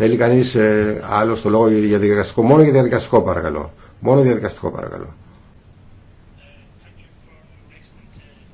Θέλει κανείς ε, άλλο το λόγο για διαδικαστικό. Μόνο για διαδικαστικό παρακαλώ. Μόνο διαδικαστικό παρακαλώ.